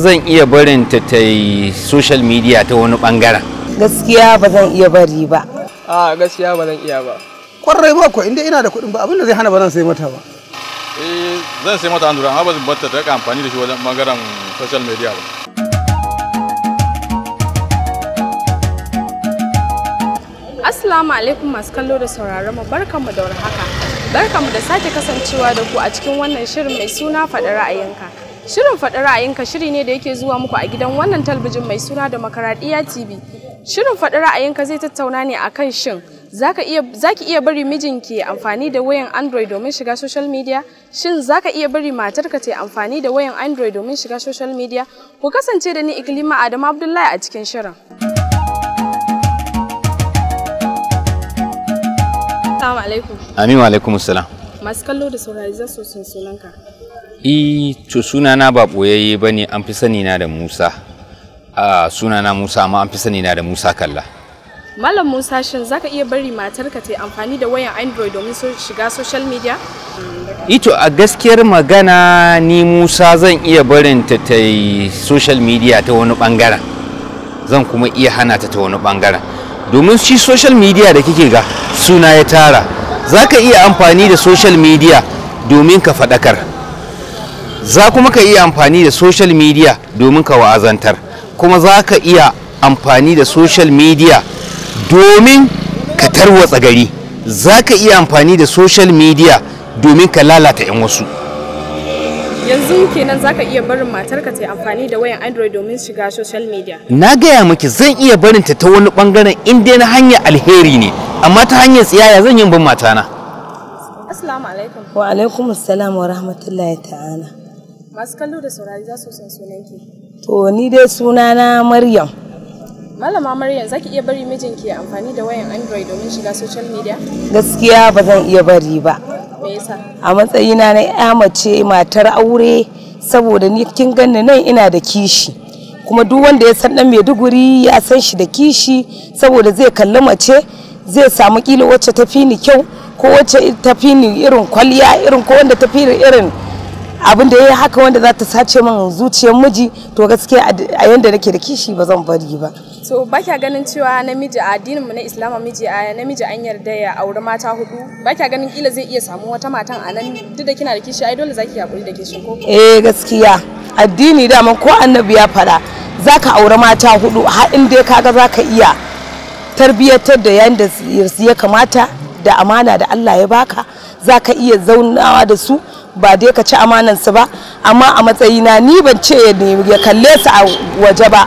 zan iya barin ta ta yi social media ta wani bangaren gaskiya ba zan iya bari ba a gaskiya ba zan iya ba kwarai ba ko inda ina da kuɗin ba abin da zai hana ba zan sai mata ba eh zan sai mata andura amma ba zan batta ta amfani da shi wajen bangaren social media ba Assalamu alaikum masu kallo da sauraron mu barkanmu da warhaka barkanmu da sake kasancewa da ku a cikin wannan shirin mai suna faɗa ra'ayinka Shirin faɗi ra'ayinka shiri ne da yake zuwa muku a gidan wannan talbijin mai suna da Makaradiya TV. Shirin faɗi ra'ayinka zai tattauna ne akan shin zaka iya zaki iya bari mijinki amfani da wayan Android domin shiga social media? Shin zaka iya bari matarka ta amfani da wayan Android domin shiga social media? Ku kasance da ni Iklima Adamu Abdullahi a cikin shirin. Assalamu Amin wa alaikum assalam. Masu kallo da saurari za su sun sunanka. E, to sunana ba ɓoyayye ba ne an fi sani na da Musa. A sunana Musa ma an fi sani na da Musa kalla. Malam Musa shin zaka iya bari matarka ta yi amfani da wayan Android domin shiga social media? Ito e, a gaskiyar magana ni Musa zan iya barin ta ta yi social media ta wani bangaren. Zan kuma iya hana ta ta wani bangaren. Domin shi social media da kike ga suna ya tara. Zaka iya amfani da social media domin ka faɗakar. za kuma ka iya amfani da social media domin ka wa'azantar kuma za ka iya amfani da social media domin ka tarwatsa gari za ka iya amfani da social media domin ka lalata 'yan wasu yanzu kenan za ka iya barin matarka ta amfani da wayan android domin shiga social media na gaya miki zan iya barin ta ta wani bangaren in dai na hanyar alheri ne amma ta hanyar tsiyaya zan yi bin matana assalamu alaikum wa alaikum assalam wa rahmatullahi ta'ala masu kallo da saurari za su san sunanki to ni dai sunana maryam malama maryam zaki iya bari mijinki ya amfani da wayan android domin shiga social media gaskiya ba zan iya bari ba me yasa a matsayina na ya mace matar aure saboda ni kin ganni nan ina da kishi kuma duk wanda ya san dan maiduguri ya san shi da kishi saboda zai kalli mace zai samu kila wacce ta fi ni kyau ko wacce ta fi ni irin kwalliya irin ko wanda ta fi irin abin da ya yi haka wanda za ta sace min zuciyar miji to gaskiya a yanda nake da kishi ba zan bari ba to ba kya ganin cewa namiji a addinin mu na islama miji a namiji an yarda ya auri mata hudu ba kya ganin kila zai iya samu wata matan a nan duk da kina da kishi ai dole zaki hakuri da kishi ko eh gaskiya addini dama ko annabi ya fada zaka auri mata hudu har inda ka ga zaka iya tarbiyyatar da yanda ya kamata da amana da Allah ya baka za ka iya zaunawa da su ba dai ka ci amanansu ba amma a matsayina ni ban ce ya kalle su a waje ba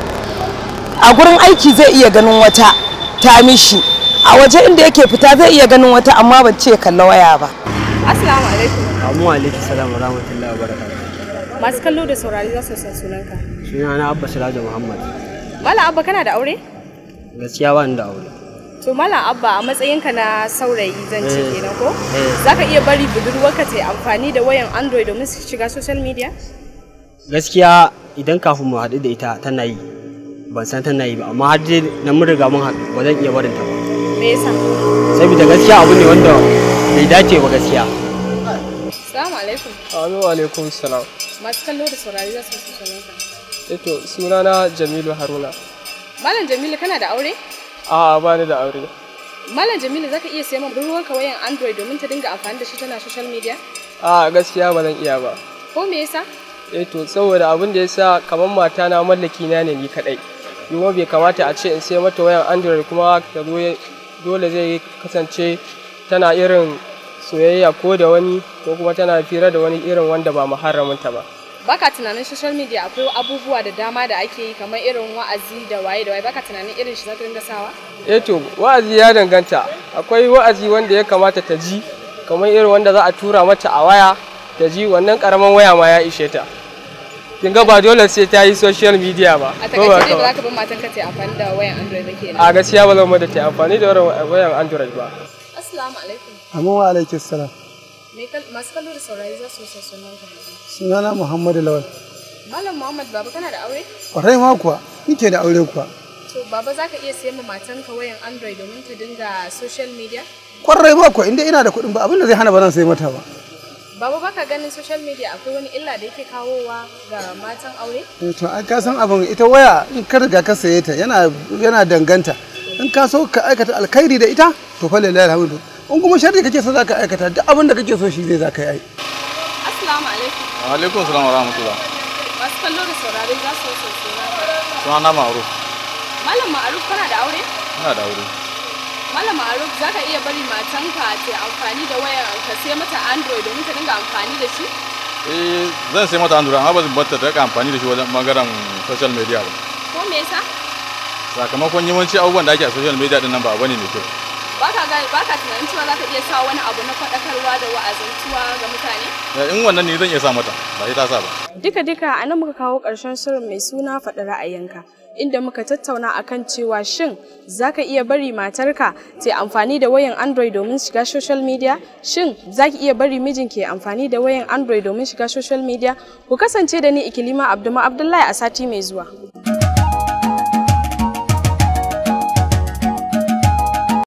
a gurin aiki zai iya ganin wata ta mishi a waje inda yake fita zai iya ganin wata amma ban ce ya kalla waya ba assalamu alaikum amu alaikum salam wa rahmatullahi wa barakatuh masu kallo da saurari za su san sunanka sunana abba sirajo muhammad mala abba kana da aure gaskiya ba ni da aure to mala abba a matsayinka na saurayi zan ce eh. kenan ko eh. zaka iya bari budurwarka ta yi amfani da wayan android domin su shiga social media gaskiya idan kafin mu haɗu da ita tana yi ban san tana yi ba amma har dai na mun riga mun haɗu ba zan iya barin ta ba me yasa saboda gaskiya abu ne wanda bai dace ba gaskiya Assalamu alaikum. Wa alaikum salam. Masu kallo da saurari za su sunanka. Eto eh sunana Jamilu Haruna. Malam Jamilu kana da aure? a ba ni da aure Malam Jamilu zaka iya sayan ruwan ka wayan Android domin ta dinga amfani da shi tana social media? A gaskiya ba zan iya ba. Ko me yasa? Eh to saboda abin da yasa kamar mata na mallaki na ne ni kadai. Kuma bai kamata a ce in sai mata wayan Android kuma ta zo dole zai kasance tana irin soyayya ko da wani ko kuma tana fira da wani irin wanda ba muharramin ta ba. baka tunanin social media akwai abubuwa da dama da ake yi kamar irin wa'azi da waye da waye baka tunanin irin shi zaka dinga sawa eh to wa'azi ya danganta akwai wa'azi wanda ya kamata ta ji kamar irin wanda za a tura mata a waya ta ji wannan karaman waya ma ya ishe ta kin ga ba dole sai ta yi social media ba a takaice ba za ka bin matan ka ta amfani da wayan android ba kenan a gaskiya ba zan da ta amfani da wayan android ba assalamu alaikum amma wa alaikum salam masu kallo da saurari za su so sunan ka sunana muhammadu lawal malam muhammad baba kana da aure kwarai ma kuwa nike da aure kuwa to baba za ka iya siyan ma matanka wayan android domin ta dinga social media kwarai ma kuwa inda ina da kuɗin ba abin da zai hana ba zan sai mata ba Baba baka ganin social media akwai wani illa da yake kawowa ga matan aure? Eh, to an ka san abin ita waya in ka riga ka saye ta yana yana danganta. In ka so ka aikata alkhairi da ita to fa lillahi alhamdu in kuma sharri kake so zaka aikata duk abin da kake so shi zai zaka yi assalamu alaikum wa alaikum assalam wa rahmatullah masu kallo da saurare za su so suna na ma'aruf malam ma'aruf kana da aure ina da aure malam ma'aruf zaka iya bari matanka ta amfani da wayar ka sai mata android domin ta dinga amfani da shi eh zan sai mata android amma ba zan ta amfani da shi wajen bangaren social media ba ko me yasa sakamakon yawanci abubuwan da ake a social media din nan ba bane mai kyau ba ka tunanin cewa za ka iya sa wani abu na faɗakarwa da wa'azantuwa ga mutane? Eh, in wannan ne zan iya sa mata ba ita sa ba. Duka duka a nan muka kawo ƙarshen shirin mai suna faɗi ra'ayinka. Inda muka tattauna akan cewa shin za ka iya bari matarka ta amfani da wayan Android domin shiga social media? Shin za ki iya bari mijin ke amfani da wayan Android domin shiga social media? Ku kasance da ni Ikilima Abduma Abdullahi a sati mai zuwa.